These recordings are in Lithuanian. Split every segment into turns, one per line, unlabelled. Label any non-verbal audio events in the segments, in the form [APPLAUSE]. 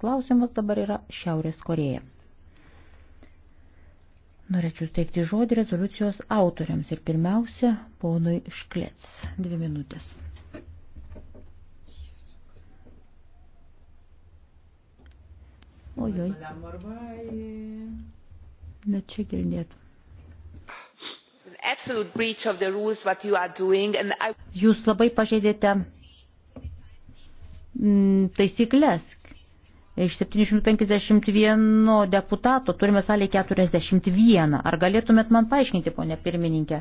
klausimas dabar yra Šiaurės Koreja. Norėčiau teikti žodį rezoliucijos autoriams ir pirmiausia, ponui Šklets. Dvi minutės. Ojoj. Net čia girdėt. Jūs labai pažeidėte mm, taisyklės. Iš 751 deputato turime salėje 41. Ar galėtumėt man paaiškinti, ponė pirmininkė,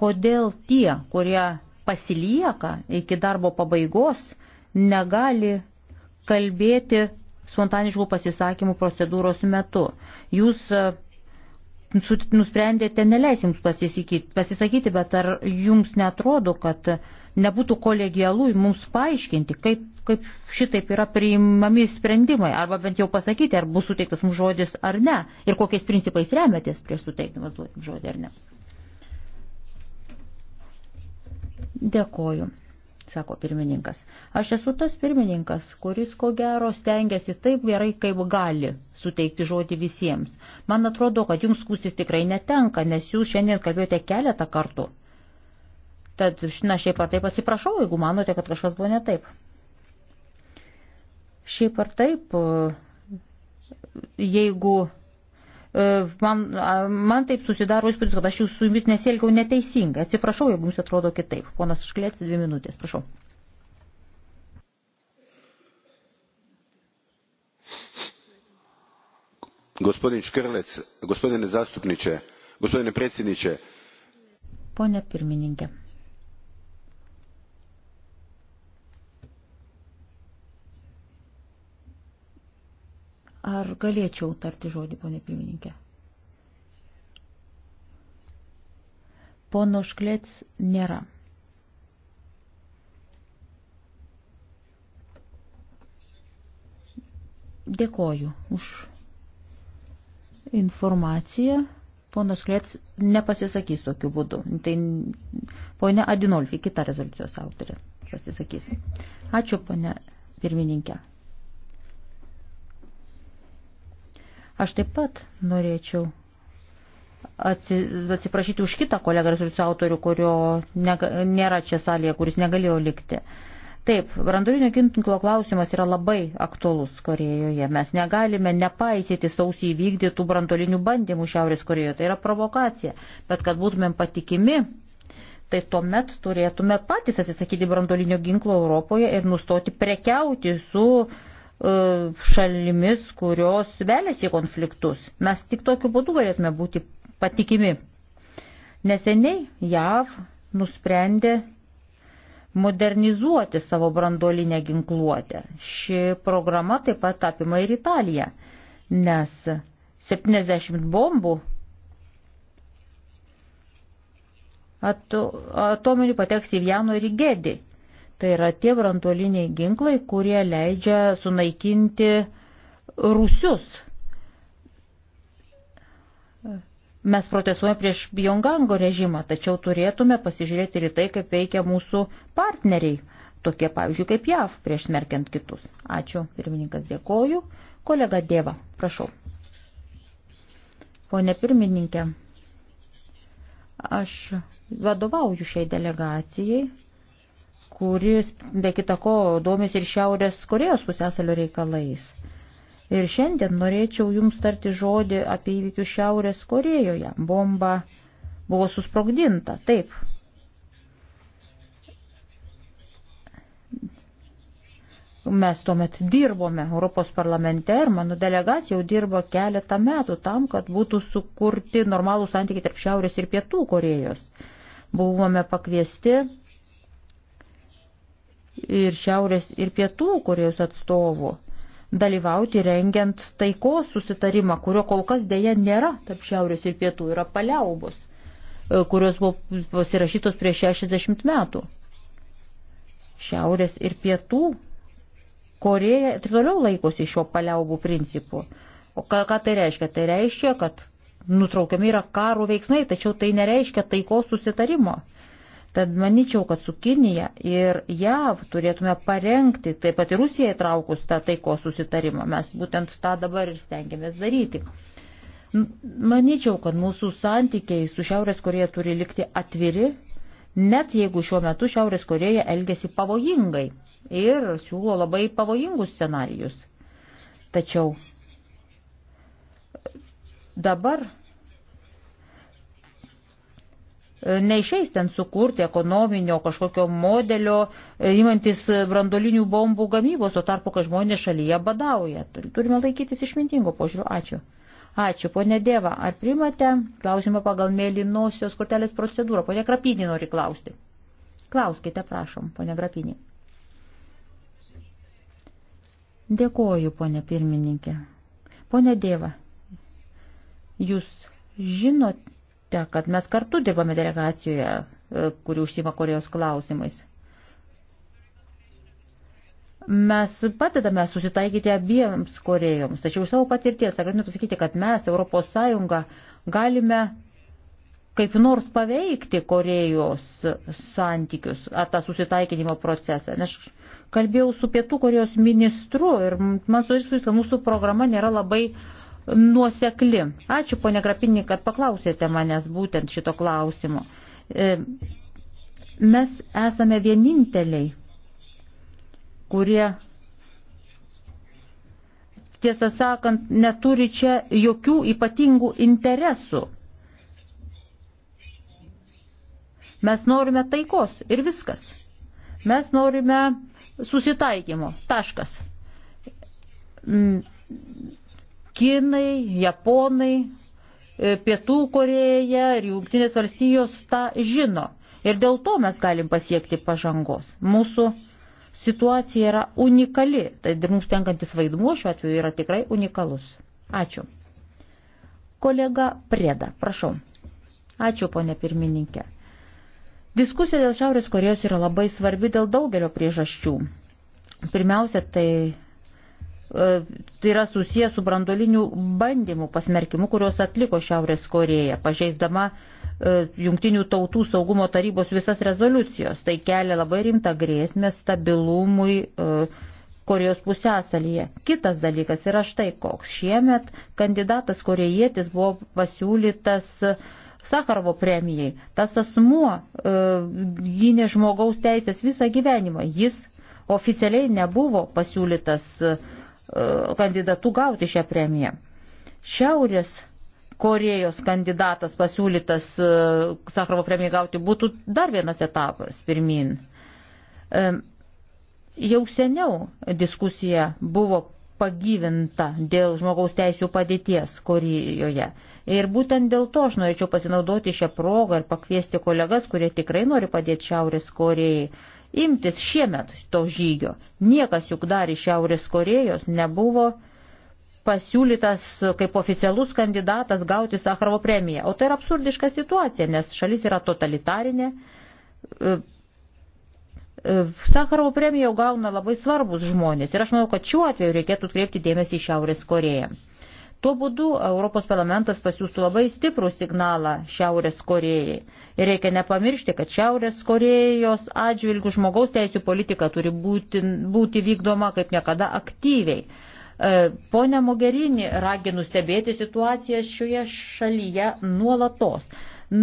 kodėl tie, kurie pasilieka iki darbo pabaigos, negali kalbėti spontaniškų pasisakymų procedūros metu. Jūs e, nusprendėte neleisim pasisakyti, bet ar jums netrodo, kad nebūtų kolegialų mums paaiškinti, kaip kaip šitaip yra priimami sprendimai, arba bent jau pasakyti, ar bus suteiktas mums žodis ar ne, ir kokiais principais remiatės prieš suteikdamas žodį ar ne. Dėkoju, sako pirmininkas. Aš esu tas pirmininkas, kuris ko gero stengiasi taip gerai, kaip gali suteikti žodį visiems. Man atrodo, kad jums skūstis tikrai netenka, nes jūs šiandien kalbėjote keletą kartų. Tad, na, šiaip ar taip atsiprašau, jeigu manote, kad kažkas buvo ne taip. Šiaip ar taip, jeigu e, man, man taip susidaro įspūdis, kad aš jūs su jumis nesielgiau neteisingai. Atsiprašau, jeigu jums atrodo kitaip. Ponas Šklėtis, dvi minutės, prašau.
Gospodin Škrlec, gospodine zastupniče, gospodine predsjedniče.
Pone pirmininkė. Ar galėčiau tarti žodį, ponė pirmininkė? Pono Šklėts nėra. Dėkoju už informaciją. Ponas Šklėts nepasisakys tokiu būdu. Tai ponia Adinolfi, kita rezoliucijos autorė, pasisakys. Ačiū, ponia pirmininkė. Aš taip pat norėčiau atsiprašyti už kitą kolegą rezoliucijų autorių, kurio nėra čia salėje, kuris negalėjo likti. Taip, branduolinio ginklo klausimas yra labai aktuolus Korejoje. Mes negalime nepaisyti sausiai įvykdytų branduolinių bandymų Šiaurės Korejoje. Tai yra provokacija. Bet kad būtumėm patikimi, tai tuomet turėtume patys atsisakyti branduolinio ginklo Europoje ir nustoti prekiauti su uh, E, šalimis, kurios velėsi konfliktus. Mes tik tokiu būdu galėtume būti patikimi. Neseniai JAV nusprendė modernizuoti savo brandolinę ginkluotę. Ši programa taip pat apima ir Italiją, nes 70 bombų atominių pateks į Vieno ir Gedį. Tai yra tie branduoliniai ginklai, kurie leidžia sunaikinti rusius. Mes protestuojame prieš Biongango režimą, tačiau turėtume pasižiūrėti ir tai, kaip veikia mūsų partneriai, tokie pavyzdžiui kaip JAV, prieš smerkiant kitus. Ačiū, pirmininkas, dėkoju. Kolega Dėva, prašau. Pone pirmininkė, aš vadovauju šiai delegacijai kuris be kita ko domės ir Šiaurės Korejos pusėsalio reikalais. Ir šiandien norėčiau jums tarti žodį apie įvykius Šiaurės Korejoje. Bomba buvo susprogdinta, taip. Mes tuomet dirbome Europos parlamente ir mano delegacija jau dirbo keletą metų tam, kad būtų sukurti normalų santykiai tarp Šiaurės ir Pietų Korejos. Buvome pakviesti ir Šiaurės ir Pietų Korejos atstovų dalyvauti rengiant taikos susitarimą, kurio kol kas dėja nėra tarp Šiaurės ir Pietų, yra paliaubos, e, kurios buvo pasirašytos prieš 60 metų. Šiaurės ir Pietų Koreja ir toliau laikosi šio paliaubų principų. O ką, ką tai reiškia? Tai reiškia, kad nutraukiami yra karo veiksmai, tačiau tai nereiškia taikos susitarimo. Tad manyčiau, kad su Kinija ir JAV turėtume parengti, taip pat ir Rusija įtraukus tą taiko susitarimą. Mes būtent tą dabar ir stengiamės daryti. Manyčiau, kad mūsų santykiai su Šiaurės Koreja turi likti atviri, net jeigu šiuo metu Šiaurės Koreja elgesi pavojingai ir siūlo labai pavojingus scenarius. Tačiau dabar neišeis ten sukurti ekonominio kažkokio modelio, e, imantis brandolinių bombų gamybos, o tarpu, kad žmonės šalyje badauja. Turime laikytis išmintingo požiūrio. Ačiū. Ačiū, ponė Dėva. Ar primate klausimą pagal mėlynosios kortelės procedūrą? Pone Krapinį nori klausti. Klauskite, prašom, ponė Krapinį. Dėkoju, ponė pirmininkė. Pone Dėva, jūs žinote, žinote, kad mes kartu dirbame delegacijoje, e, kuri užsima Korejos klausimais. Mes padedame susitaikyti abiems Korejoms, tačiau savo patirties, ar galiu pasakyti, kad mes, ES, galime kaip nors paveikti Korejos santykius ar tą susitaikinimo procesą. Nes kalbėjau su Pietų Korejos ministru ir man sužinojus, kad mūsų programa nėra labai uh, nuosekli. Ačiū, ponė Grapinė, kad paklausėte manęs būtent šito klausimo. E, mes esame vieninteliai, kurie, tiesą sakant, neturi čia jokių ypatingų interesų. Mes norime taikos ir viskas. Mes norime susitaikymo. Taškas mm, Kinai, Japonai, e, Pietų Koreja ir Junktinės valstijos tą žino. Ir dėl to mes galim pasiekti pažangos. Mūsų situacija yra unikali, tai mums tenkantis vaidmuo šiuo atveju yra tikrai unikalus. Ačiū. Kolega Prėda, prašau. Ačiū, ponė pirmininkė. Diskusija dėl Šiaurės Korejos yra labai svarbi dėl daugelio priežasčių. Pirmiausia, tai E, tai yra susijęs su brandolinių bandymų pasmerkimu, kurios atliko Šiaurės Koreja, pažeisdama e, Junktinių tautų saugumo tarybos visas rezoliucijos. Tai kelia labai rimtą grėsmę stabilumui e, Korejos pusėsalyje. Kitas dalykas yra štai koks. Šiemet kandidatas korejietis buvo pasiūlytas Sakarovo premijai. Tas asmuo e, gynė žmogaus teisės visą gyvenimą. Jis oficialiai nebuvo pasiūlytas e, E, kandidatų gauti šią premiją. Šiaurės Korejos kandidatas pasiūlytas e, Sakrovo premiją gauti būtų dar vienas etapas pirmin. E, jau seniau diskusija buvo pagyvinta dėl žmogaus teisų padėties Korejoje. Ir būtent dėl to aš norėčiau pasinaudoti šią progą ir pakviesti kolegas, kurie tikrai nori padėti Šiaurės Korejai imtis šiemet to žygio. Niekas juk dar iš Šiaurės Korejos nebuvo pasiūlytas kaip oficialus kandidatas gauti Sakrovo premiją. O tai yra absurdiška situacija, nes šalis yra totalitarinė. E, e, Sakrovo premiją gauna labai svarbus žmonės ir aš manau, kad šiuo atveju reikėtų kreipti dėmesį į Šiaurės Koreją. Tuo būdu Europos parlamentas pasiūstų labai stiprų signalą Šiaurės Korejai. Ir reikia nepamiršti, kad Šiaurės Korejos atžvilgių žmogaus teisų politika turi būti, būti vykdoma kaip niekada aktyviai. E, Pone Mogherini raginu stebėti situaciją šioje šalyje nuolatos.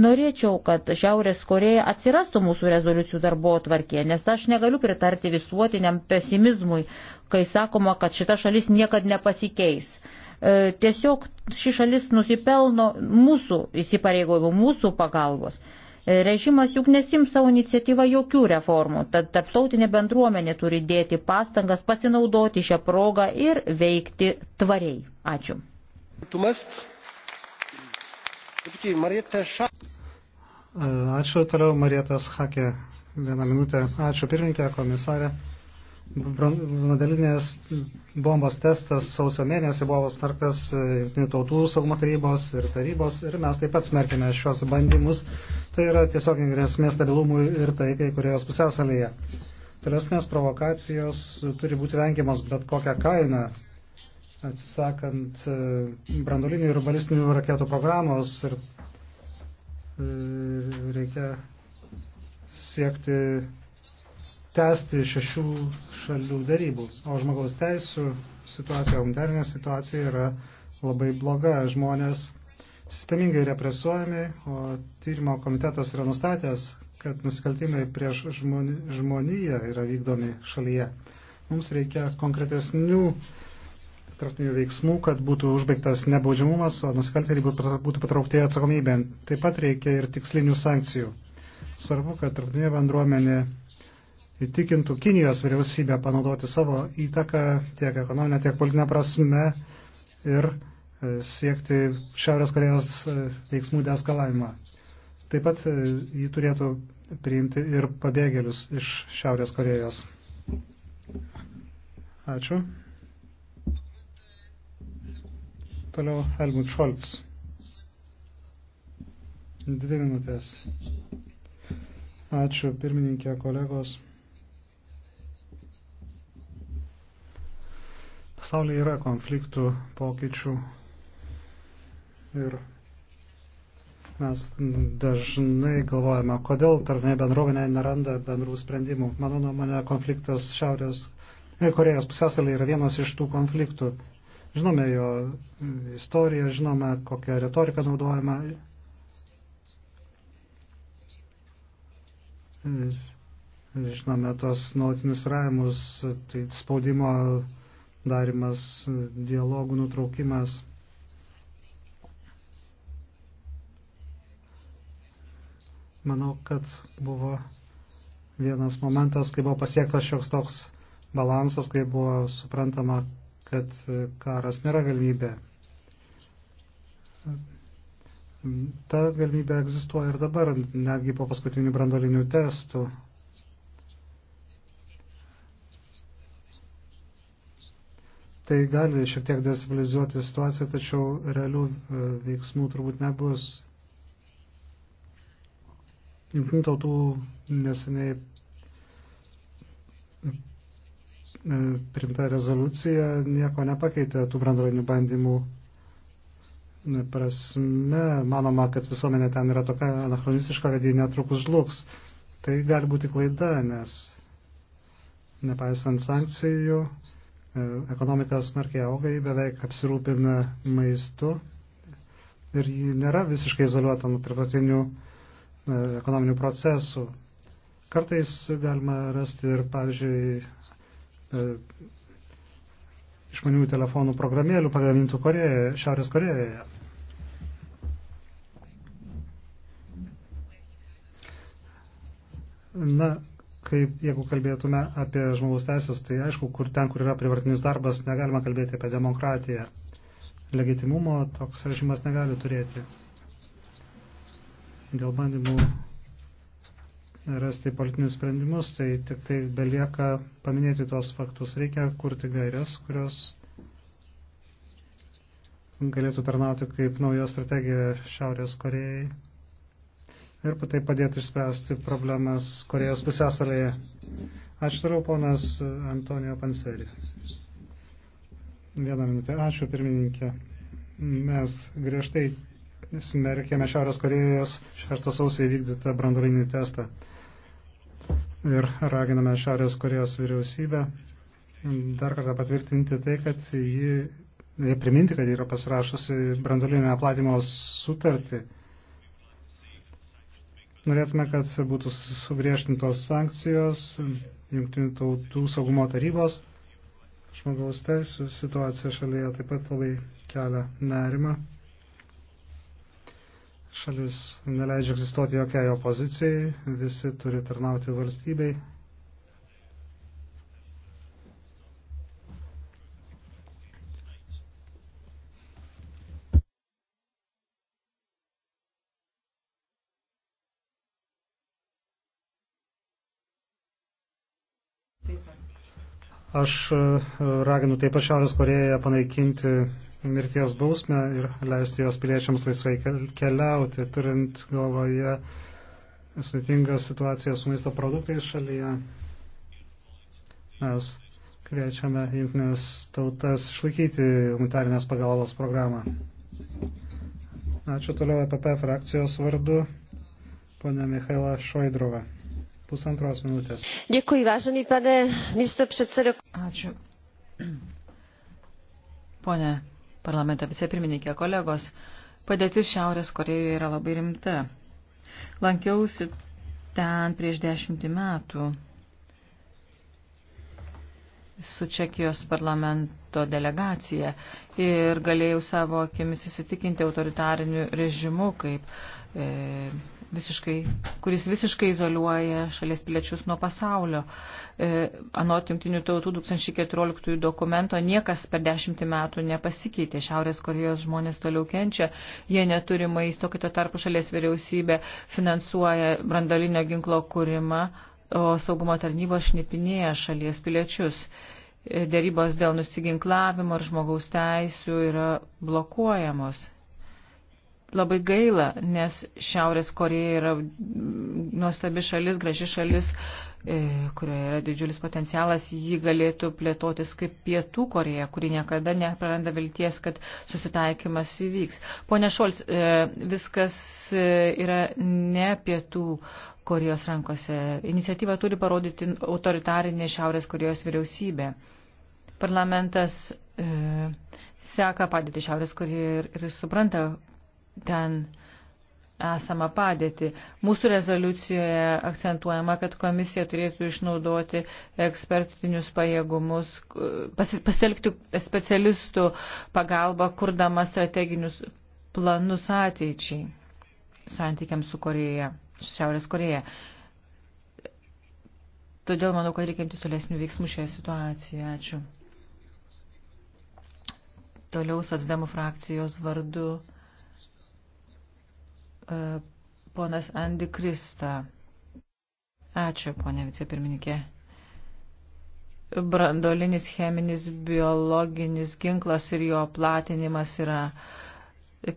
Norėčiau, kad Šiaurės Koreja atsirastų mūsų rezoliucijų darbo tvarkė, nes aš negaliu pritarti visuotiniam pesimizmui, kai sakoma, kad šita šalis niekad nepasikeis. E, tiesiog ši šalis nusipelno mūsų įsipareigojimų, mūsų pagalbos. E, režimas juk nesim savo iniciatyvą jokių reformų, tad tarptautinė bendruomenė turi dėti pastangas pasinaudoti šią progą ir veikti tvariai. Ačiū.
E, ačiū toliau Marietas Hakė. Vieną minutę. Ačiū pirmininkė, komisarė. Vandelinės bombos testas sausio mėnesį buvo smerktas e, Junktinių tautų saugumo tarybos ir tarybos ir mes taip pat smerkime šios bandymus. Tai yra tiesiog grėsmė stabilumui ir taikai, kurios pusėsalyje. Tolesnės provokacijos turi būti vengiamas bet kokią kainą, atsisakant e, brandolinių ir balistinių raketų programos ir e, reikia siekti tęsti šešių šalių darybų. O žmogaus teisų situacija, humanitarinė situacija yra labai bloga. Žmonės sistemingai represuojami, o tyrimo komitetas yra nustatęs, kad nusikaltimai prieš žmoniją yra vykdomi šalyje. Mums reikia konkretesnių tarptautinių veiksmų, kad būtų užbaigtas nebaudžiamumas, o nusikaltėliai būtų patraukti atsakomybę. Taip pat reikia ir tikslinių sankcijų. Svarbu, kad tarptautinė bendruomenė įtikintų Kinijos vyriausybę panaudoti savo įtaką tiek ekonominę, tiek politinę prasme ir e, siekti Šiaurės Korejos e, veiksmų deeskalavimą. Taip pat e, jį turėtų priimti ir pabėgėlius iš Šiaurės Korejos. Ačiū. Toliau Helmut Scholz. Dvi minutės. Ačiū pirmininkė kolegos. Pasaulyje yra konfliktų, pokyčių ir mes dažnai galvojame, kodėl tarnai bendruomenė neranda bendrų sprendimų. Mano nuomonė, konfliktas Šiaurės e, Korejos pusėsalė yra vienas iš tų konfliktų. Žinome jo istoriją, žinome, kokią retoriką naudojama. E, žinome tos nuolatinius ravimus, tai spaudimo darimas, dialogų nutraukimas. Manau, kad buvo vienas momentas, kai buvo pasiektas šioks toks balansas, kai buvo suprantama, kad karas nėra galimybė. Ta galimybė egzistuoja ir dabar, netgi po paskutinių brandolinių testų Tai gali šiek tiek destabilizuoti situaciją, tačiau realių e, veiksmų turbūt nebus. Junktinių tautų neseniai e, primta rezoliucija nieko nepakeitė tų brandolinių bandymų e, prasme. Manoma, kad visuomenė ten yra tokia anachronistiška, kad ji netrukus žlugs. Tai gali būti klaida, nes nepaisant sankcijų, E, ekonomika smarkiai auga, ji beveik apsirūpina maistu ir ji nėra visiškai izoliuota nuo tarptautinių e, ekonominių procesų. Kartais galima rasti ir, pavyzdžiui, e, išmaniųjų telefonų programėlių pagamintų Korejoje, Šiaurės Korejoje. Na, kaip jeigu kalbėtume apie žmogaus teisės, tai aišku, kur ten, kur yra privartinis darbas, negalima kalbėti apie demokratiją. Legitimumo toks režimas negali turėti. Dėl bandymų rasti politinius sprendimus, tai tik tai belieka paminėti tuos faktus. Reikia kurti gairias, kurios galėtų tarnauti kaip nauja strategija Šiaurės Korejai ir tai padėtų išspręsti problemas Korejos pusėsalėje. Ačiū toliau, ponas Antonijo Panseri. Vieną minutę. Ačiū, pirmininkė. Mes griežtai smerkėme Šiaurės Korejos 6 sausio įvykdytą branduolinį testą. Ir raginame Šiaurės Korejos vyriausybę dar kartą patvirtinti tai, kad ji, priminti, kad yra pasirašusi branduolinę platimos sutartį Norėtume, kad būtų sugriežtintos sankcijos Junktinių tautų saugumo tarybos. Žmogaus teisų situacija šalyje taip pat labai kelia nerimą. Šalis neleidžia egzistuoti jokiai opozicijai, visi turi tarnauti valstybei. Aš e, raginu taip pat Šiaurės Koreją panaikinti mirties bausmę ir leisti jos piliečiams laisvai keliauti, turint galvoje sudėtingą situaciją su maisto produktais šalyje. Mes kviečiame jungtinės tautas išlaikyti humanitarinės pagalbos programą. Ačiū toliau EPP frakcijos vardu, ponia Michaila Šoidrova pusantros minutės.
Dėkui, važinį, pane ministro predsedo. Ačiū.
Pone parlamento vicepirmininkė, kolegos, padėtis Šiaurės Korejoje yra labai rimta. Lankiausi ten prieš dešimtį metų su Čekijos parlamento delegacija ir galėjau savo akimis įsitikinti autoritariniu režimu, kaip e, visiškai, kuris visiškai izoliuoja šalies piliečius nuo pasaulio. E, anot jungtinių tautų 2014 dokumento niekas per dešimtį metų nepasikeitė. Šiaurės Korejos žmonės toliau kenčia, jie neturi maisto, kito tarpu šalies vyriausybė finansuoja brandalinio ginklo kūrimą, o saugumo tarnybos šnipinėja šalies piliečius. E, dėrybos dėl nusiginklavimo ir žmogaus teisų yra blokuojamos labai gaila, nes Šiaurės Koreja yra nuostabi šalis, graži šalis, e, kurioje yra didžiulis potencialas, ji galėtų plėtotis kaip Pietų Koreja, kuri niekada nepraranda vilties, kad susitaikymas įvyks. Pone Šolc, e, viskas e, yra ne Pietų Korejos rankose. Iniciatyvą turi parodyti autoritarinė Šiaurės Korejos vyriausybė. Parlamentas seka padėti Šiaurės Korejoje ir, ir supranta, ten esamą padėtį. Mūsų rezoliucijoje akcentuojama, kad komisija turėtų išnaudoti ekspertinius pajėgumus, pasitelkti specialistų pagalbą, kurdama strateginius planus ateičiai santykiams su Koreja, Šiaurės Koreja. Todėl manau, kad reikia imti tolesnių veiksmų šioje situacijoje. Ačiū. Toliau Satsdemų frakcijos vardu E, ponas Andi Krista. Ačiū, ponė vicepirmininkė. Brandolinis, cheminis, biologinis ginklas ir jo platinimas yra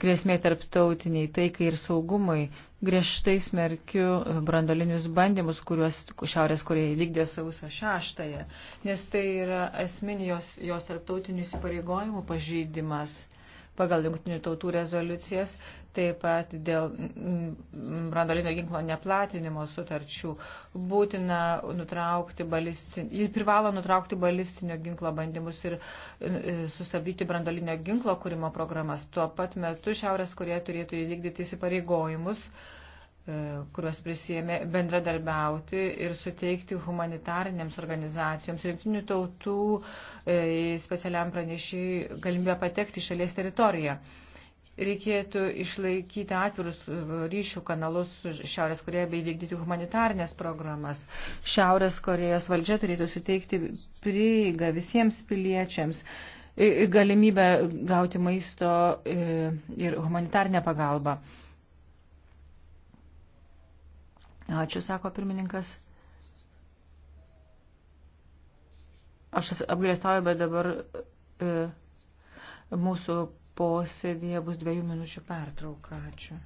grėsmė tarptautiniai taikai ir saugumui. Griežtai smerkiu brandolinius bandymus, kuriuos Šiaurės Korėja vykdė sausio šeštąją, nes tai yra esminis jos, jos tarptautinių įsipareigojimų pažeidimas pagal jungtinių tautų rezoliucijas, taip pat dėl mm, brandolinio ginklo neplatinimo sutarčių būtina nutraukti balistinį, privalo nutraukti balistinio ginklo bandymus ir e, sustabdyti brandolinio ginklo kūrimo programas. Tuo pat metu Šiaurės Korėja turėtų įvykdyti įsipareigojimus E, kuriuos prisėmė bendradarbiauti ir suteikti humanitarinėms organizacijoms, rinktinių tautų e, specialiam pranešiai galimybę patekti šalies teritoriją. Reikėtų išlaikyti atvirus e, ryšių kanalus su Šiaurės Koreja bei vykdyti humanitarnės programas. Šiaurės Korejos valdžia turėtų suteikti prieigą visiems piliečiams galimybę gauti maisto ir humanitarnę pagalbą. Ačiū, sako pirmininkas. Aš apgailestauju, bet dabar e, mūsų posėdėje bus dviejų minučių pertrauka. Ačiū.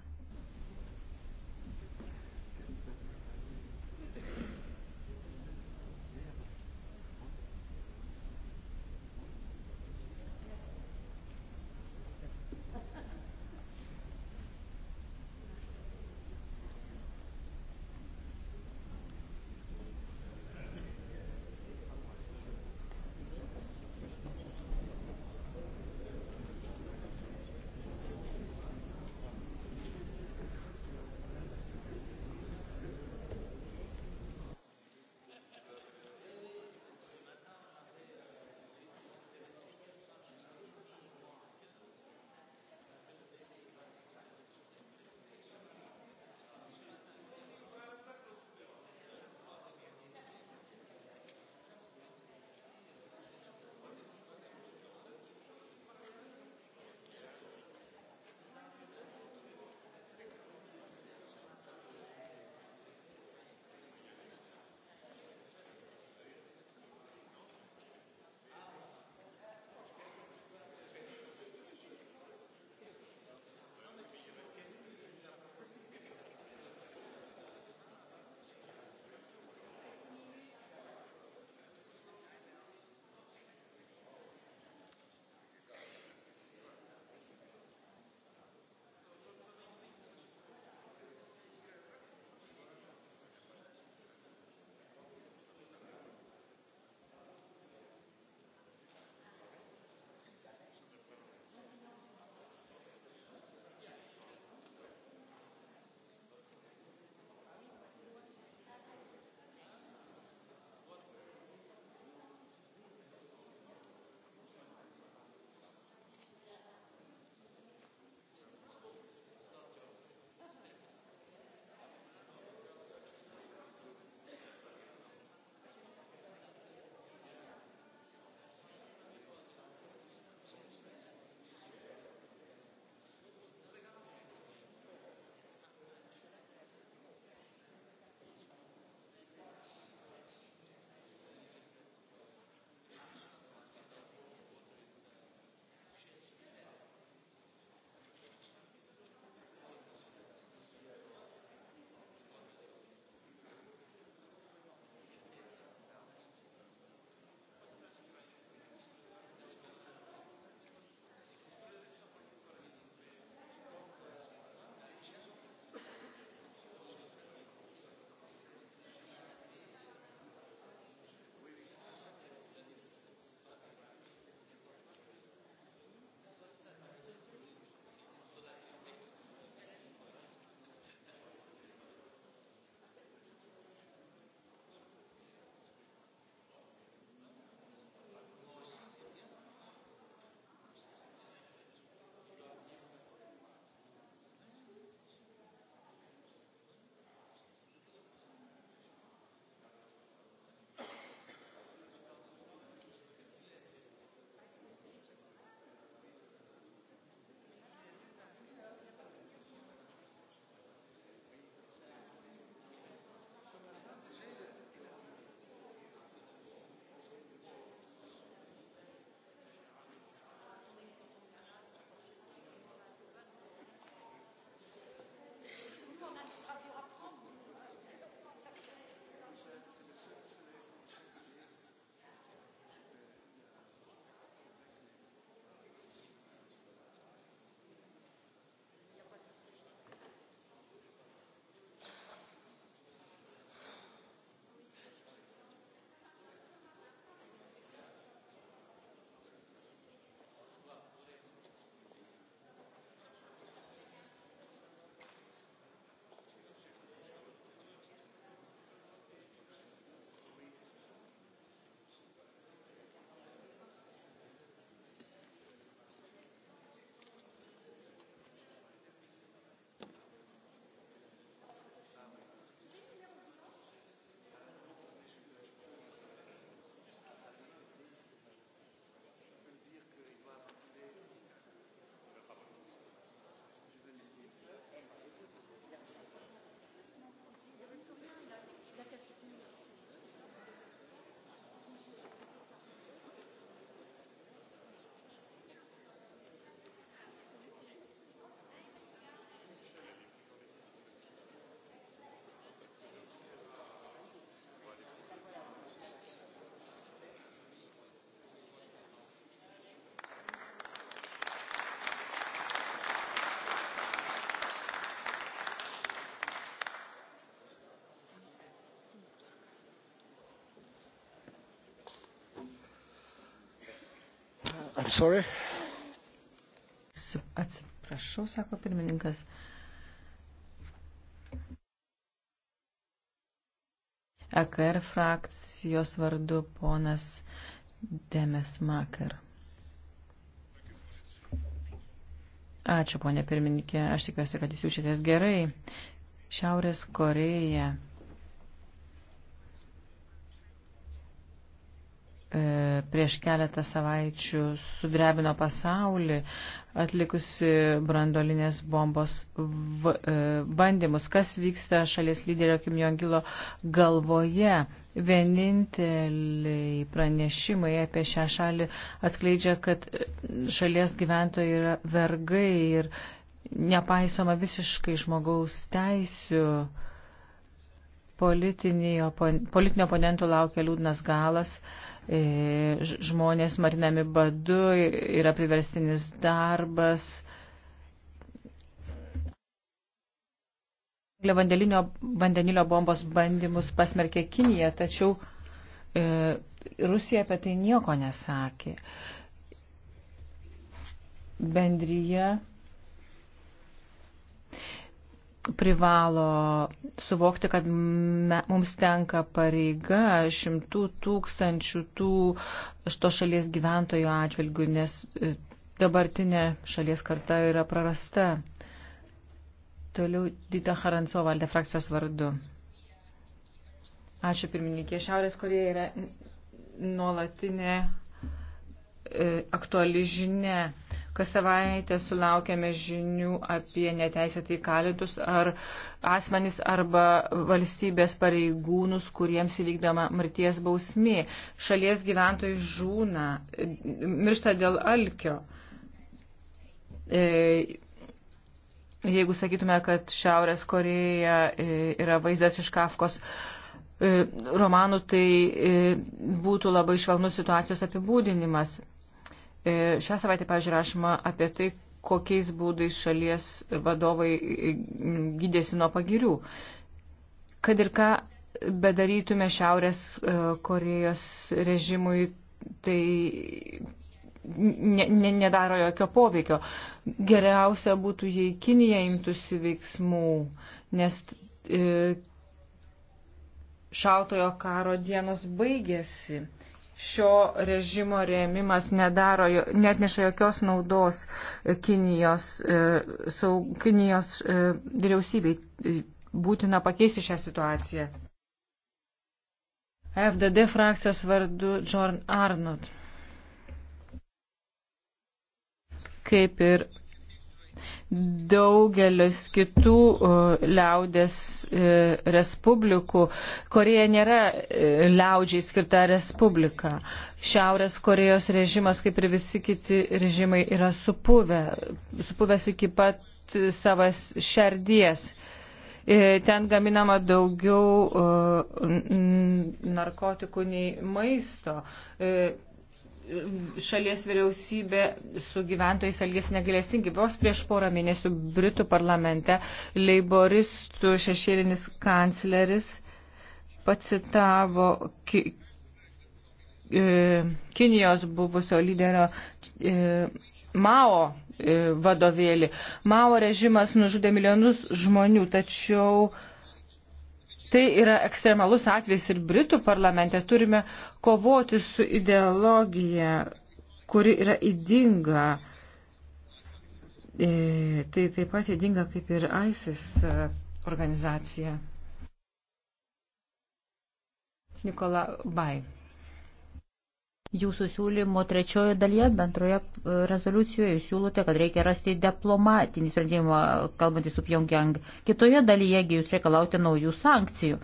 I'm sorry. Atsiprašau, sako pirmininkas. EKR frakcijos vardu ponas Demes Makar. Ačiū, ponė pirmininkė. Aš tikiuosi, kad jūs jaučiatės gerai. Šiaurės Koreja E, prieš keletą savaičių sudrebino pasaulį, atlikusi brandolinės bombos e, bandymus. Kas vyksta šalies lyderio Kim Jongilo galvoje? Vieninteliai pranešimai apie šią šalį atskleidžia, kad šalies gyventojai yra vergai ir nepaisoma visiškai žmogaus teisių politinio oponentų laukia liūdnas galas, E, žmonės marinami badu, yra priverstinis darbas. Vandenilio bombos bandymus pasmerkė Kinija, tačiau e, Rusija apie tai nieko nesakė. Bendryje privalo suvokti, kad me, mums tenka pareiga šimtų tūkstančių tų šito šalies gyventojų atžvilgių, nes e, dabartinė šalies karta yra prarasta. Toliau Dita Haranco valdė frakcijos vardu. Ačiū pirmininkė. Šiaurės Korėja yra nuolatinė e, aktuali žinia Kas savaitę sulaukėme žinių apie neteisėtai kalintus ar asmenys arba valstybės pareigūnus, kuriems įvykdoma mirties bausmė. Šalies gyventojai žūna, miršta dėl alkio. E, jeigu sakytume, kad Šiaurės Koreja e, yra vaizdas iš Kafkos e, romanų, tai e, būtų labai švelnus situacijos apibūdinimas. E, šią savaitę, pažiūrėjau, rašoma apie tai, kokiais būdais šalies vadovai gydėsi nuo pagirių. Kad ir ką bedarytume Šiaurės e, Korejos režimui, tai ne, ne, nedaro jokio poveikio. Geriausia būtų, jei Kinija imtųsi veiksmų, nes e, šaltojo karo dienos baigėsi. E, šio režimo rėmimas nedaro, netneša jokios naudos Kinijos, e, saug, Kinijos e, vyriausybei. E, būtina pakeisti šią situaciją. FDD frakcijos vardu John Arnott. Kaip ir daugelis kitų e, liaudės e, respublikų. Koreja nėra e, liaudžiai skirta respublika. Šiaurės Korejos režimas, kaip ir visi kiti režimai, yra supuvę, supuvęs iki pat savas šerdies. Ten gaminama daugiau narkotikų nei maisto šalies vyriausybė su gyventojais elgėsi negalėsingi. Vos prieš porą mėnesių Britų parlamente leiboristų šešėlinis kancleris pacitavo ki, e, Kinijos buvusio lyderio e, Mao e, vadovėlį. Mao režimas nužudė milijonus žmonių, tačiau uh, Tai yra ekstremalus atvejs ir Britų parlamente turime kovoti su ideologija, kuri yra įdinga. E, tai taip pat įdinga kaip ir ISIS e,
organizacija. Nikola Bai. Jūsų siūlymo trečiojo dalyje bendroje e, rezoliucijoje jūs siūlote, kad reikia rasti diplomatinį sprendimą, kalbantį su Pjongjang. Kitoje dalyje jūs reikalauti naujų sankcijų.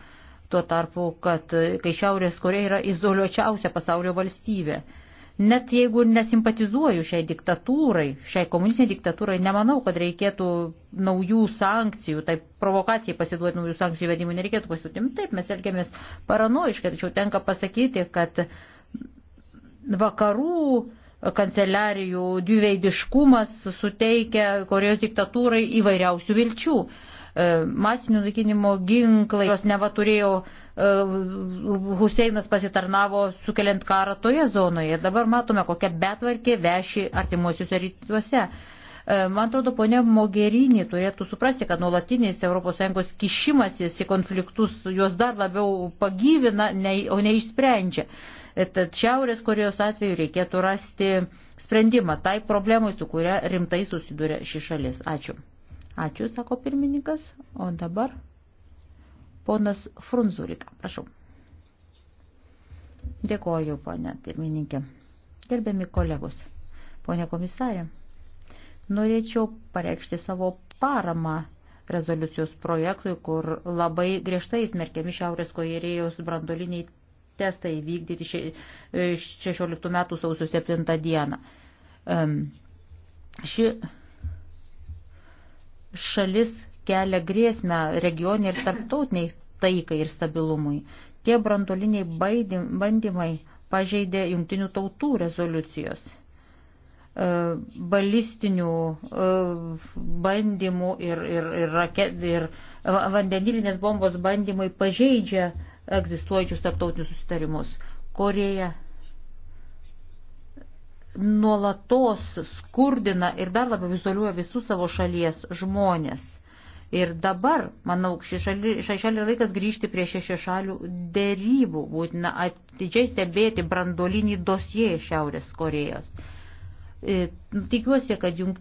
Tuo tarpu, kad e, kai Šiaurės Koreja yra izoliuočiausia pasaulio valstybė. Net jeigu nesimpatizuoju šiai diktatūrai, šiai komunistiniai diktatūrai, nemanau, kad reikėtų naujų sankcijų, tai provokacijai pasiduoti naujų sankcijų vedimui nereikėtų pasiduoti. Taip, mes elgiamės paranoiškai, tačiau tenka pasakyti, kad vakarų kanceliarijų dviveidiškumas suteikia Korejos diktatūrai įvairiausių vilčių. E, masinių naikinimo ginklai, jos neva turėjo, e, Huseinas pasitarnavo sukeliant karą toje zonoje. Dabar matome, kokia betvarkė veši artimuosiuose rytuose. E, man atrodo, ponia Mogerinė turėtų suprasti, kad nuolatinis ES kišimasis į konfliktus juos dar labiau pagyvina, o neišsprendžia. Ne Tad Šiaurės Korejos atveju reikėtų rasti sprendimą tai problemai, su kuria rimtai susiduria ši šalis. Ačiū. Ačiū, sako pirmininkas. O dabar ponas Frunzulika. Prašau. Dėkoju, ponė pirmininkė. Gerbiami kolegos. Pone komisarė, norėčiau pareikšti savo paramą rezoliucijos projektui, kur labai griežtai smerkiami Šiaurės Korejos brandoliniai testai vykdyti 16 e, metų sausio 7 dieną. Ši šalis kelia grėsmę regioniai ir tarptautiniai taikai ir stabilumui. Tie brandoliniai bandymai pažeidė jungtinių tautų rezoliucijos e, balistinių e, bandymų ir, ir, ir, raket, ir vandenilinės bombos bandymai pažeidžia egzistuojančius tarptautinius susitarimus. Koreja nuolatos skurdina ir dar labiau izoliuoja visus savo šalies žmonės. Ir dabar, manau, šiai šaliai laikas grįžti prie šešių šalių dėrybų. Būtina atidžiai stebėti brandolinį dosiją Šiaurės Korejos. E, tikiuosi, kad, jung,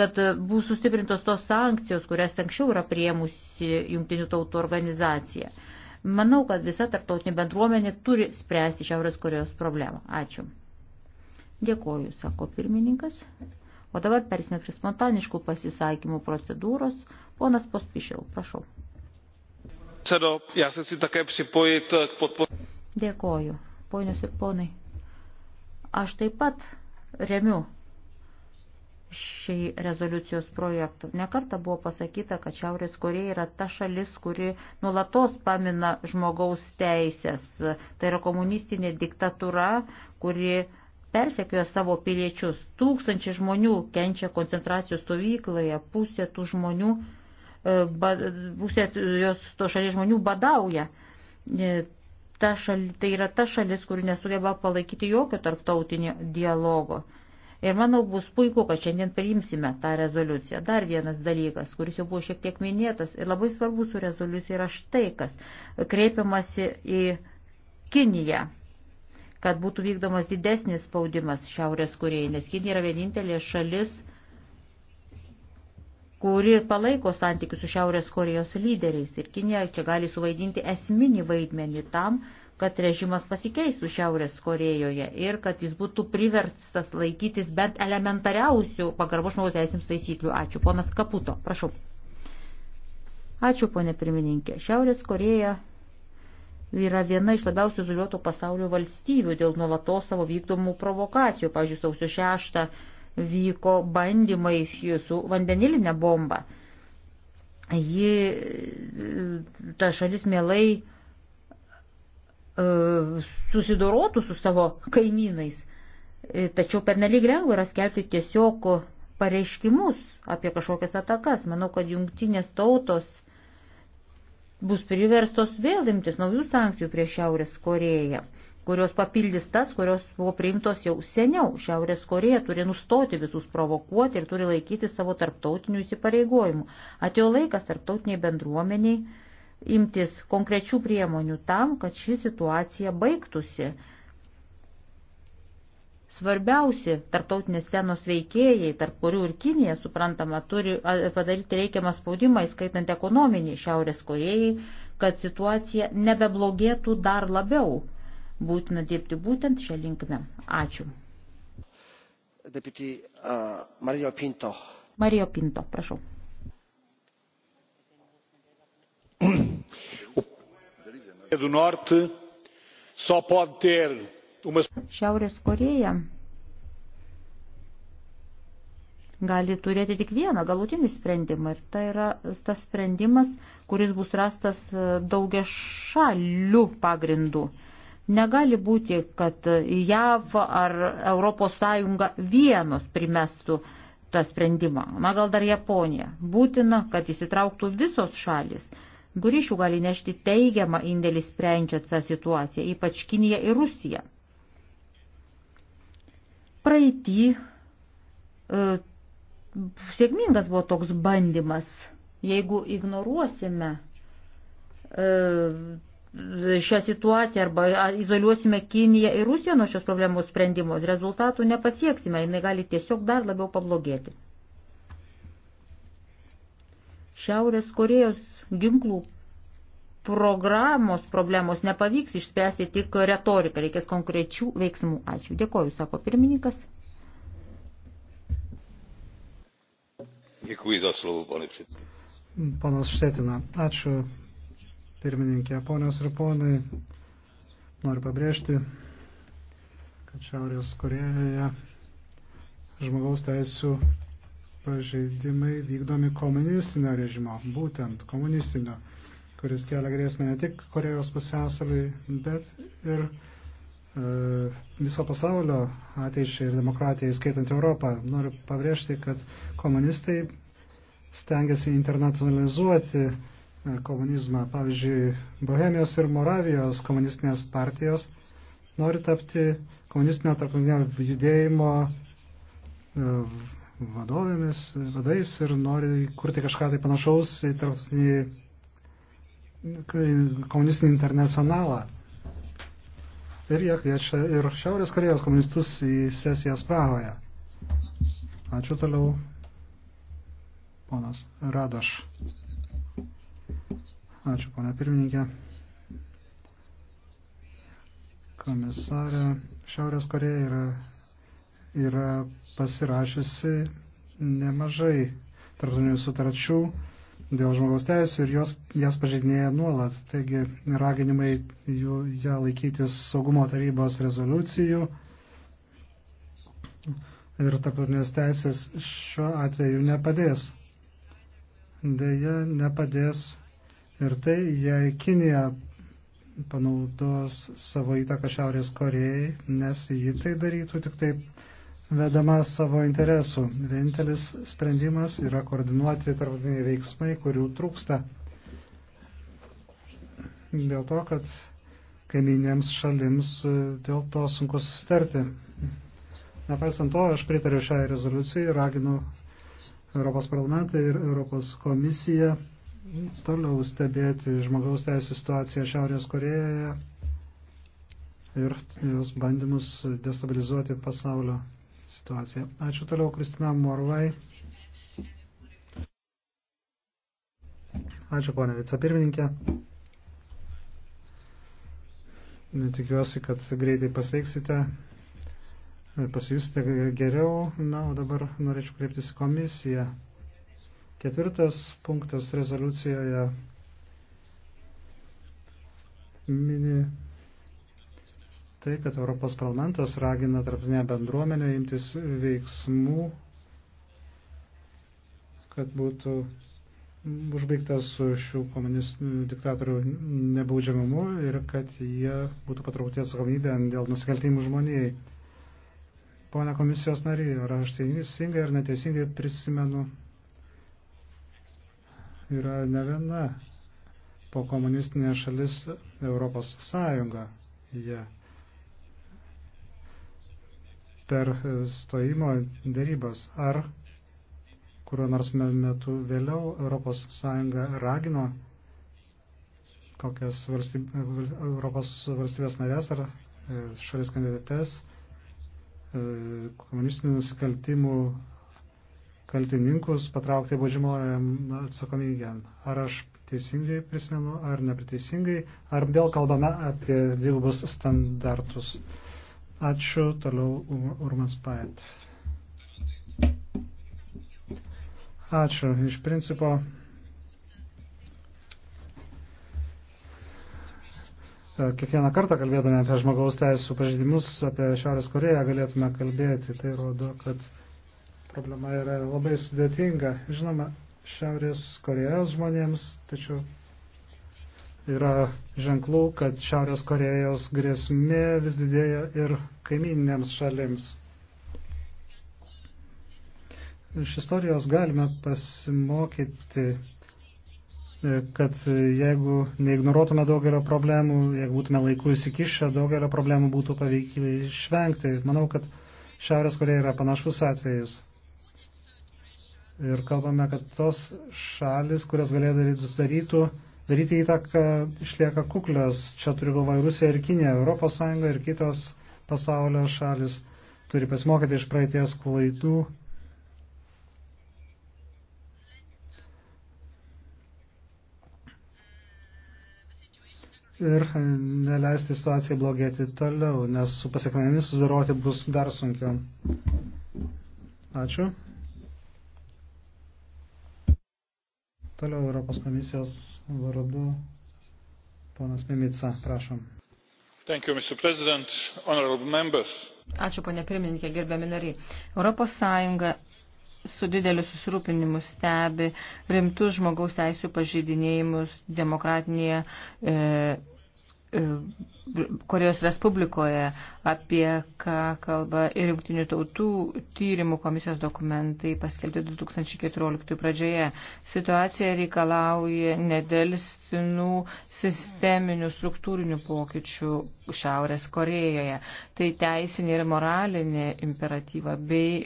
kad bus sustiprintos tos sankcijos, kurias anksčiau yra priemusi Junktinių tautų organizacija. Manau, kad visa tarptautinė bendruomenė turi spręsti Šiaurės Korejos problemą. Ačiū. Dėkoju, sako pirmininkas. O dabar persime prie spontaniškų pasisakymų procedūros. Ponas Pospišil, prašau. Dėkoju, ponios ir ponai. Aš taip pat remiu šį rezoliucijos projektą. Nekarta buvo pasakyta, kad Šiaurės Koreja yra ta šalis, kuri nulatos pamina žmogaus teisės. Tai yra komunistinė diktatūra, kuri persekioja savo piliečius. Tūkstančiai žmonių kenčia koncentracijos stovykloje, pusė tų žmonių, e, pusė jos to šalies žmonių badauja. E, ta šal, tai yra ta šalis, kuri nesugeba palaikyti jokio tarptautinio dialogo. Ir manau, bus puiku, kad šiandien priimsime tą rezoliuciją. Dar vienas dalykas, kuris jau buvo šiek tiek minėtas ir labai svarbus su rezoliucija yra štai kas. Kreipiamasi į Kiniją kad būtų vykdomas didesnis spaudimas Šiaurės Korejai, nes Kinija yra vienintelė šalis, kuri palaiko santykius su Šiaurės Korejos lyderiais. Ir Kinija čia gali suvaidinti esminį vaidmenį tam, kad režimas pasikeistų Šiaurės Korejoje ir kad jis būtų priverstas laikytis bent elementariausių pagarbos žmogaus teisėms taisyklių. Ačiū. Ponas Kaputo, prašau. Ačiū, ponė pirmininkė. Šiaurės Koreja yra viena iš labiausiai izoliuotų pasaulio valstybių dėl nuolatos savo vykdomų provokacijų. Pavyzdžiui, sausio 6 vyko bandymai su vandenilinė bomba. Ji, ta šalis mielai E, susidorotų su savo kaimynais. E, tačiau pernelyg lengva yra skelbti tiesiog pareiškimus apie kažkokias atakas. Manau, kad jungtinės tautos bus priverstos vėl imtis naujų sankcijų prieš Šiaurės Koreją, kurios papildys tas, kurios buvo priimtos jau seniau. Šiaurės Koreja turi nustoti visus provokuoti ir turi laikyti savo tarptautinių įsipareigojimų. Atėjo laikas tarptautiniai bendruomeniai imtis konkrečių priemonių tam, kad ši situacija baigtųsi. Svarbiausi tarptautinės scenos veikėjai, tarp kurių ir Kinija, suprantama, turi padaryti reikiamą spaudimą, įskaitant ekonominį Šiaurės Korejai, kad situacija nebeblogėtų dar labiau. Būtina dirbti būtent šią linkmę. Ačiū.
Deputy, uh, Mario Pinto.
Mario Pinto, prašau.
Šiaurės
Koreja gali turėti tik vieną galutinį sprendimą ir tai yra tas sprendimas, kuris bus rastas daugia šalių pagrindų. Negali būti, kad JAV ar ES vienos primestų tą sprendimą, na gal dar Japonija. Būtina, kad įsitrauktų visos šalis Durišių gali nešti teigiamą indėlį sprendžiant tą situaciją, ypač Kinija ir Rusija. Praeitį e, sėkmingas buvo toks bandymas, jeigu ignoruosime e, šią situaciją arba izoliuosime Kiniją ir Rusiją nuo šios problemos sprendimo, rezultatų nepasieksime, jinai gali tiesiog dar labiau pablogėti. Šiaurės Korejos ginklų programos problemos nepavyks išspręsti tik retoriką, reikės konkrečių veiksmų. Ačiū. Dėkoju, sako pirmininkas.
Děkuji za slovo, pane předsedo. Panas Štetina, ačiū pirmininkė. Ponios ir ponai, noriu pabrėžti, kad Šiaurės Korejoje žmogaus teisų pažeidimai vykdomi komunistinio režimo, būtent komunistinio, kuris kelia grėsmę ne tik Korejos pusiasaliui, bet ir e, viso pasaulio ateičiai ir demokratijai, skaitant Europą. Noriu pabrėžti, kad komunistai stengiasi internacionalizuoti e, komunizmą. Pavyzdžiui, Bohemijos ir Moravijos komunistinės partijos nori tapti komunistinio tarptautinio judėjimo e, vadovėmis, vadais ir nori kurti kažką tai panašaus į tarptautinį komunistinį internacionalą. Ir jie kviečia ir Šiaurės Korejos komunistus į sesiją Prahoje. Ačiū toliau, ponas Radoš. Ačiū, ponia pirmininkė. Komisarė, Šiaurės Koreja yra yra pasirašiusi nemažai tarptautinių sutarčių dėl žmogaus teisų ir jos, jas pažeidinėja nuolat. Taigi raginimai jų ją laikytis saugumo tarybos rezoliucijų ir tarptautinės teisės šiuo atveju nepadės. Deja, nepadės ir tai, jei Kinija panaudos savo įtaką Šiaurės Korejai, nes ji tai darytų tik taip vedama savo interesų. Vienintelis sprendimas yra koordinuoti tarptautiniai veiksmai, kurių trūksta. Dėl to, kad kaiminėms šalims e, dėl to sunku susitarti. Nepaisant to, aš pritariu šiai rezoliucijai, raginu Europos parlamentą ir Europos komisiją toliau stebėti žmogaus teisų situaciją Šiaurės Korejoje ir jos bandymus destabilizuoti pasaulio situaciją. Ačiū toliau Kristina Morvai. Ačiū ponė vicepirmininkė. Tikiuosi, kad greitai pasveiksite, pasijusite geriau. Na, o dabar norėčiau kreiptis į komisiją. Ketvirtas punktas rezoliucijoje mini tai, kad Europos parlamentas ragina tarptautinę bendruomenę imtis veiksmų, kad būtų užbaigtas su šių komunistinių diktatorių nebaudžiamumu ir kad jie būtų patraukti atsakomybę dėl nusikaltimų žmonijai. Pone komisijos nariai, ar aš teisingai ar neteisingai prisimenu, yra ne viena po komunistinė šalis Europos Sąjunga. Jie yeah per e, stojimo darybas. Ar kuriuo nors metu vėliau ES ragino kokias valstyb, Europos valstybės narės ar e, šalis kandidates e, komunistinių nusikaltimų kaltininkus patraukti baudžiamojo atsakomybėn. Ar aš teisingai prisimenu, ar nepriteisingai, ar dėl kalbame apie dvigubus standartus. Ačiū, toliau Urmas Paet. Ačiū, iš principo. Kiekvieną kartą kalbėdami apie žmogaus teisų pažeidimus, apie Šiaurės Koreją galėtume kalbėti. Tai rodo, kad problema yra labai sudėtinga. Žinoma, Šiaurės Korejos žmonėms, tačiau yra ženklų, kad Šiaurės Korejos grėsmė vis didėja ir kaiminėms šalims. Iš istorijos galime pasimokyti, e, kad jeigu neignoruotume daugelio problemų, jeigu būtume laiku įsikišę, daugelio problemų būtų paveikiai išvengti. Manau, kad Šiaurės Koreja yra panašus atvejus. Ir kalbame, kad tos šalis, kurios galėdami susidarytų, daryti įtaką išlieka kuklios. Čia turiu galvoje Rusija ir Kinė, Europos Sąjunga ir kitos pasaulio šalis turi pasimokyti iš praeities klaidų. Ir neleisti situacijai blogėti toliau, nes su pasiekmėmis susidoroti bus dar sunkiau. Ačiū. Toliau Europos komisijos vardu ponas Mimica, prašom. You,
Ačiū, ponė pirmininkė, gerbiami nariai. Europos Sąjunga su dideliu susirūpinimu stebi rimtus žmogaus teisų pažydinėjimus demokratinėje e, E, Korejos Respublikoje, apie ką kalba ir Junktinių tautų tyrimų komisijos dokumentai paskelbti 2014 pradžioje. Situacija reikalauja nedelstinų sisteminių struktūrinių pokyčių Šiaurės Korejoje. Tai teisinė ir moralinė imperatyva bei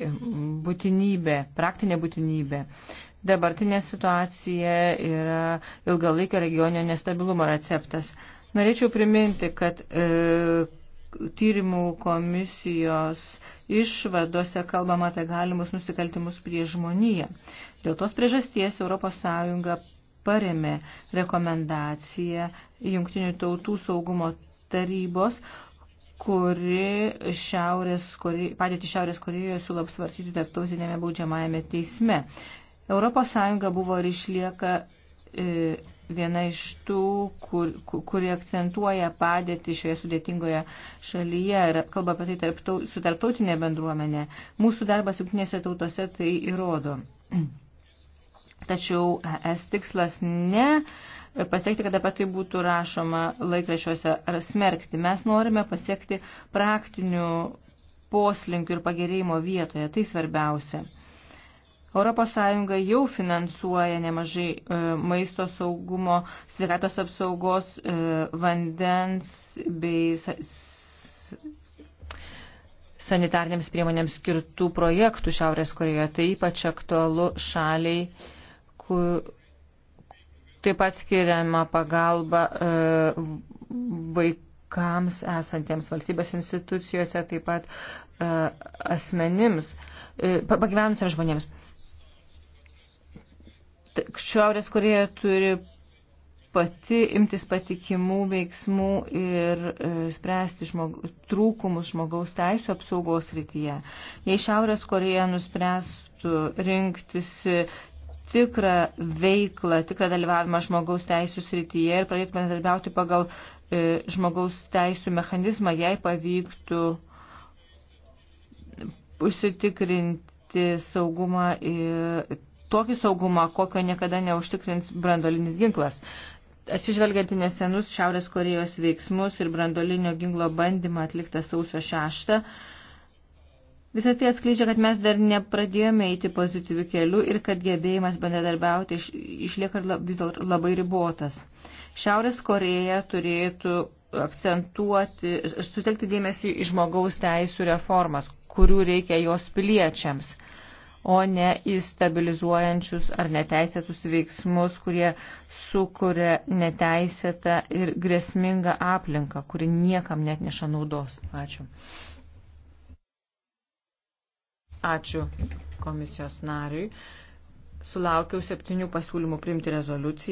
būtinybė, praktinė būtinybė dabartinė situacija yra ilgalaikio regioninio nestabilumo receptas. Norėčiau priminti, kad e, tyrimų komisijos išvadose kalbama apie galimus nusikaltimus prie žmoniją. Dėl tos priežasties ES paremė rekomendaciją Jungtinių tautų saugumo tarybos, kuri šiaurės, kuri, padėti Šiaurės Korejoje siūlo apsvarsyti tarptautinėme baudžiamajame teisme. ES buvo ir išlieka e, viena iš tų, kur, kuri akcentuoja padėtį šioje sudėtingoje šalyje ir kalba apie tai tarptau, su tarptautinė bendruomenė. Mūsų darbas jungtinėse tautose tai įrodo. [CLEARS THROAT] Tačiau es tikslas ne pasiekti, kad apie tai būtų rašoma laikrašiuose ar smerkti. Mes norime pasiekti praktinių poslinkių ir pagerėjimo vietoje. Tai svarbiausia. ES jau finansuoja nemažai e, maisto saugumo, sveikatos apsaugos, e, vandens bei sanitarniams priemonėms skirtų projektų Šiaurės Korejoje. Tai ypač aktualu šaliai, kur taip pat skiriama pagalba e, vaikams esantiems valstybės institucijose, taip pat asmenims, pagyvenusiems žmonėms. Šiaurės Korėja turi pati imtis patikimų veiksmų ir e, spręsti žmog, trūkumus žmogaus teisų apsaugos rytyje. Jei Šiaurės Korėja nuspręstų rinktis e, tikrą veiklą, tikrą dalyvavimą žmogaus teisų srityje ir pradėtų bendradarbiauti pagal e, žmogaus teisų mechanizmą, jei pavyktų užsitikrinti saugumą ir tokį saugumą, kokio niekada neužtikrins brandolinis ginklas. Atsižvelgiant į nesenus Šiaurės Korejos veiksmus ir brandolinio ginklo bandymą atliktą sausio 6, visą tai atskleidžia, kad mes dar nepradėjome eiti pozityvių kelių ir kad gebėjimas bendradarbiauti išlieka vis dėlto labai ribotas. Šiaurės Koreja turėtų akcentuoti, sutelkti dėmesį į žmogaus teisų reformas, kurių reikia jos piliečiams o ne į stabilizuojančius ar neteisėtus veiksmus, kurie sukuria neteisėtą ir grėsmingą aplinką, kuri niekam net neša naudos. Ačiū. Ačiū komisijos nariui. Sulaukiau septynių pasiūlymų priimti rezoliuciją.